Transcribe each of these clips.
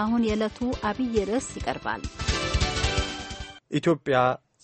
አሁን የዕለቱ አብይ ርዕስ ይቀርባል። ኢትዮጵያ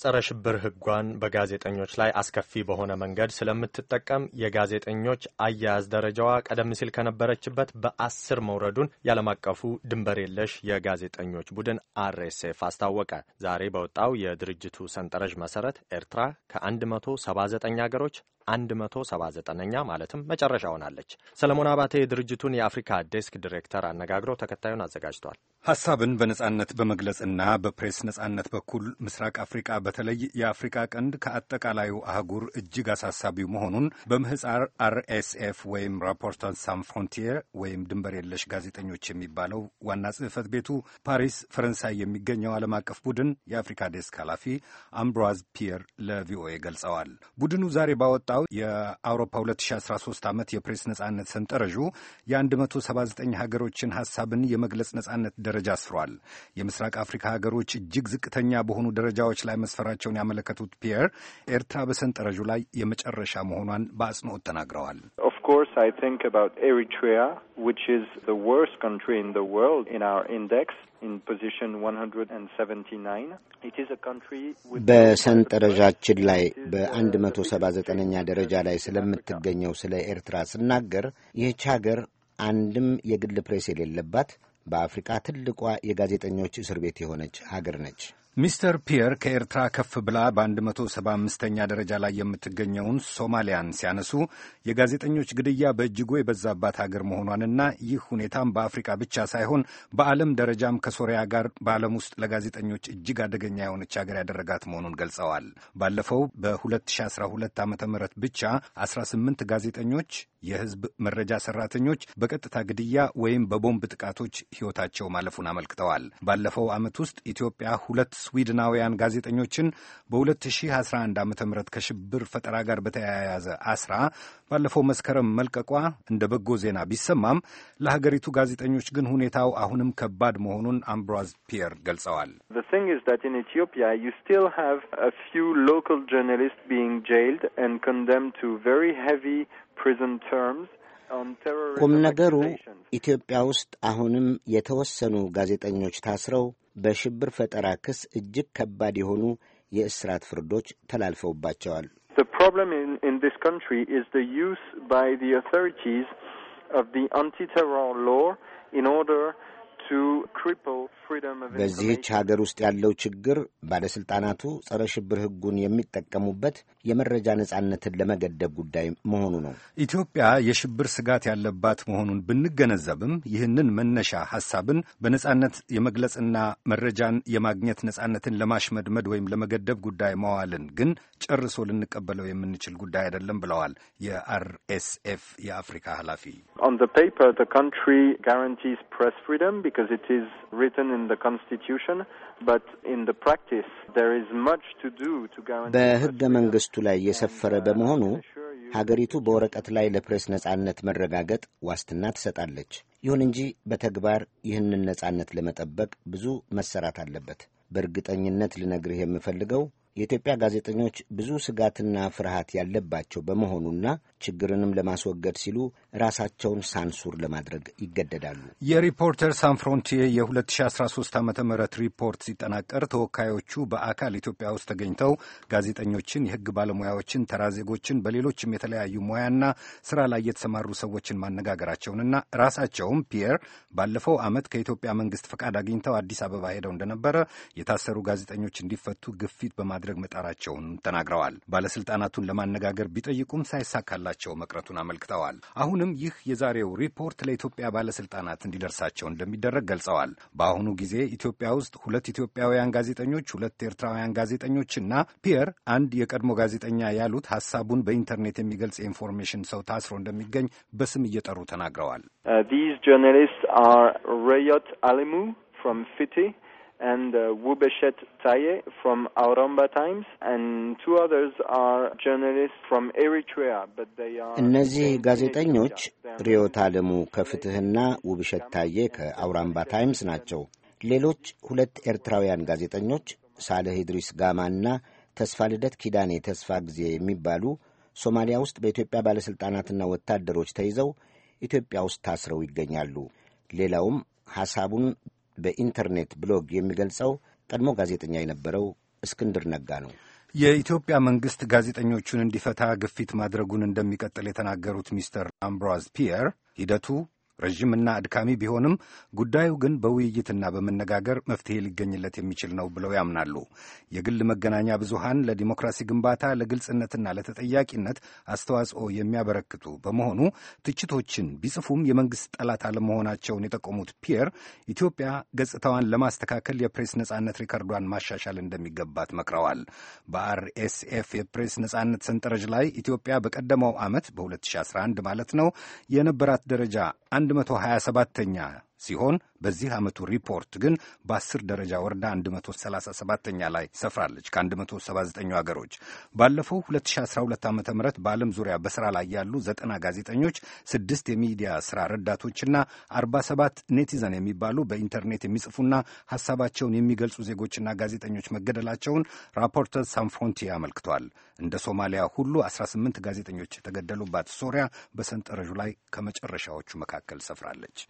ጸረ ሽብር ሕጓን በጋዜጠኞች ላይ አስከፊ በሆነ መንገድ ስለምትጠቀም የጋዜጠኞች አያያዝ ደረጃዋ ቀደም ሲል ከነበረችበት በአስር መውረዱን ያለም አቀፉ ድንበር የለሽ የጋዜጠኞች ቡድን አርኤስኤፍ አስታወቀ። ዛሬ በወጣው የድርጅቱ ሰንጠረዥ መሰረት ኤርትራ ከ179 አገሮች 179ኛ ማለትም መጨረሻ ሆናለች። ሰለሞን አባቴ የድርጅቱን የአፍሪካ ዴስክ ዲሬክተር አነጋግሮ ተከታዩን አዘጋጅቷል። ሐሳብን በነጻነት በመግለጽና በፕሬስ ነጻነት በኩል ምስራቅ አፍሪካ በተለይ የአፍሪካ ቀንድ ከአጠቃላዩ አህጉር እጅግ አሳሳቢው መሆኑን በምህፃር አርኤስኤፍ ወይም ራፖርተር ሳን ፍሮንቲየር ወይም ድንበር የለሽ ጋዜጠኞች የሚባለው ዋና ጽህፈት ቤቱ ፓሪስ ፈረንሳይ የሚገኘው ዓለም አቀፍ ቡድን የአፍሪካ ዴስክ ኃላፊ አምብሮዝ ፒየር ለቪኦኤ ገልጸዋል። ቡድኑ ዛሬ ባወጣ የወጣው የአውሮፓ 2013 ዓመት የፕሬስ ነጻነት ሰንጠረዡ የ179 ሀገሮችን ሐሳብን የመግለጽ ነጻነት ደረጃ አስፍሯል። የምስራቅ አፍሪካ ሀገሮች እጅግ ዝቅተኛ በሆኑ ደረጃዎች ላይ መስፈራቸውን ያመለከቱት ፒየር ኤርትራ በሰንጠረዡ ላይ የመጨረሻ መሆኗን በአጽንኦት ተናግረዋል። course, I think about Eritrea, which is the worst country in the world in our index, in position 179. It is a country with. በአፍሪካ ትልቋ የጋዜጠኞች እስር ቤት የሆነች ሀገር ነች። ሚስተር ፒየር ከኤርትራ ከፍ ብላ በ175ኛ ደረጃ ላይ የምትገኘውን ሶማሊያን ሲያነሱ የጋዜጠኞች ግድያ በእጅጉ የበዛባት ሀገር መሆኗንና ይህ ሁኔታም በአፍሪካ ብቻ ሳይሆን በዓለም ደረጃም ከሶሪያ ጋር በዓለም ውስጥ ለጋዜጠኞች እጅግ አደገኛ የሆነች ሀገር ያደረጋት መሆኑን ገልጸዋል። ባለፈው በ2012 ዓ ም ብቻ 18 ጋዜጠኞች፣ የህዝብ መረጃ ሰራተኞች በቀጥታ ግድያ ወይም በቦምብ ጥቃቶች ሕይወታቸው ማለፉን አመልክተዋል። ባለፈው ዓመት ውስጥ ኢትዮጵያ ሁለት ስዊድናውያን ጋዜጠኞችን በ2011 ዓ ም ከሽብር ፈጠራ ጋር በተያያዘ አስራ ባለፈው መስከረም መልቀቋ እንደ በጎ ዜና ቢሰማም ለሀገሪቱ ጋዜጠኞች ግን ሁኔታው አሁንም ከባድ መሆኑን አምብሮዝ ፒየር ገልጸዋል። ቁም ነገሩ ኢትዮጵያ ውስጥ አሁንም የተወሰኑ ጋዜጠኞች ታስረው በሽብር ፈጠራ ክስ እጅግ ከባድ የሆኑ የእስራት ፍርዶች ተላልፈውባቸዋል። በዚህች ሀገር ውስጥ ያለው ችግር ባለሥልጣናቱ ጸረ ሽብር ሕጉን የሚጠቀሙበት የመረጃ ነጻነትን ለመገደብ ጉዳይ መሆኑ ነው። ኢትዮጵያ የሽብር ስጋት ያለባት መሆኑን ብንገነዘብም ይህንን መነሻ ሐሳብን በነጻነት የመግለጽና መረጃን የማግኘት ነጻነትን ለማሽመድመድ ወይም ለመገደብ ጉዳይ መዋልን ግን ጨርሶ ልንቀበለው የምንችል ጉዳይ አይደለም ብለዋል የአርኤስኤፍ የአፍሪካ ኃላፊ because it is written in the Constitution, but in the practice there is much to do to guarantee. በሕገ መንግሥቱ ላይ የሰፈረ uh, በመሆኑ ሀገሪቱ በወረቀት ላይ ለፕሬስ ነጻነት መረጋገጥ ዋስትና ትሰጣለች። ይሁን እንጂ በተግባር ይህንን ነጻነት ለመጠበቅ ብዙ መሰራት አለበት። በእርግጠኝነት ልነግርህ የምፈልገው የኢትዮጵያ ጋዜጠኞች ብዙ ስጋትና ፍርሃት ያለባቸው በመሆኑና ችግርንም ለማስወገድ ሲሉ ራሳቸውን ሳንሱር ለማድረግ ይገደዳሉ። የሪፖርተር ሳን ፍሮንቲር የ2013 ዓ ም ሪፖርት ሲጠናቀር ተወካዮቹ በአካል ኢትዮጵያ ውስጥ ተገኝተው ጋዜጠኞችን፣ የህግ ባለሙያዎችን፣ ተራ ዜጎችን፣ በሌሎችም የተለያዩ ሙያና ስራ ላይ የተሰማሩ ሰዎችን ማነጋገራቸውንና ራሳቸውም ፒየር ባለፈው ዓመት ከኢትዮጵያ መንግስት ፈቃድ አግኝተው አዲስ አበባ ሄደው እንደነበረ የታሰሩ ጋዜጠኞች እንዲፈቱ ግፊት በማድረግ ለማድረግ መጣራቸውን ተናግረዋል። ባለስልጣናቱን ለማነጋገር ቢጠይቁም ሳይሳካላቸው መቅረቱን አመልክተዋል። አሁንም ይህ የዛሬው ሪፖርት ለኢትዮጵያ ባለስልጣናት እንዲደርሳቸው እንደሚደረግ ገልጸዋል። በአሁኑ ጊዜ ኢትዮጵያ ውስጥ ሁለት ኢትዮጵያውያን ጋዜጠኞች፣ ሁለት ኤርትራውያን ጋዜጠኞችና ፒየር አንድ የቀድሞ ጋዜጠኛ ያሉት ሀሳቡን በኢንተርኔት የሚገልጽ የኢንፎርሜሽን ሰው ታስሮ እንደሚገኝ በስም እየጠሩ ተናግረዋል። ሪዮት uh, አሊሙ and uh, Wubeshet Taye from Auramba Times, and two others are journalists from Eritrea, but they are... እነዚህ ጋዜጠኞች ሪዮት አለሙ ከፍትህና ውብሸት ታየ ከአውራምባ ታይምስ ናቸው። ሌሎች ሁለት ኤርትራውያን ጋዜጠኞች ሳልህ ኢድሪስ ጋማና ተስፋ ልደት ኪዳኔ ተስፋ ጊዜ የሚባሉ ሶማሊያ ውስጥ በኢትዮጵያ ባለሥልጣናትና ወታደሮች ተይዘው ኢትዮጵያ ውስጥ ታስረው ይገኛሉ። ሌላውም ሐሳቡን በኢንተርኔት ብሎግ የሚገልጸው ቀድሞ ጋዜጠኛ የነበረው እስክንድር ነጋ ነው። የኢትዮጵያ መንግስት ጋዜጠኞቹን እንዲፈታ ግፊት ማድረጉን እንደሚቀጥል የተናገሩት ሚስተር አምብሮዝ ፒየር ሂደቱ ረዥምና አድካሚ ቢሆንም ጉዳዩ ግን በውይይትና በመነጋገር መፍትሄ ሊገኝለት የሚችል ነው ብለው ያምናሉ። የግል መገናኛ ብዙሃን ለዲሞክራሲ ግንባታ ለግልጽነትና ለተጠያቂነት አስተዋጽኦ የሚያበረክቱ በመሆኑ ትችቶችን ቢጽፉም የመንግሥት ጠላት አለመሆናቸውን የጠቆሙት ፒየር ኢትዮጵያ ገጽታዋን ለማስተካከል የፕሬስ ነጻነት ሪከርዷን ማሻሻል እንደሚገባት መክረዋል። በአርኤስኤፍ የፕሬስ ነጻነት ሰንጠረዥ ላይ ኢትዮጵያ በቀደመው ዓመት በ2011 ማለት ነው የነበራት ደረጃ 127ኛ ሲሆን በዚህ ዓመቱ ሪፖርት ግን በ10 ደረጃ ወርዳ 137ኛ ላይ ሰፍራለች ከ179 ሀገሮች። ባለፈው 2012 ዓ ም በዓለም ዙሪያ በሥራ ላይ ያሉ 90 ጋዜጠኞች፣ ስድስት የሚዲያ ሥራ ረዳቶችና 47 ኔቲዘን የሚባሉ በኢንተርኔት የሚጽፉና ሐሳባቸውን የሚገልጹ ዜጎችና ጋዜጠኞች መገደላቸውን ራፖርተር ሳንፍሮንቲ አመልክቷል። እንደ ሶማሊያ ሁሉ 18 ጋዜጠኞች የተገደሉባት ሶሪያ በሰንጠረዡ ላይ ከመጨረሻዎቹ መካከል ሰፍራለች።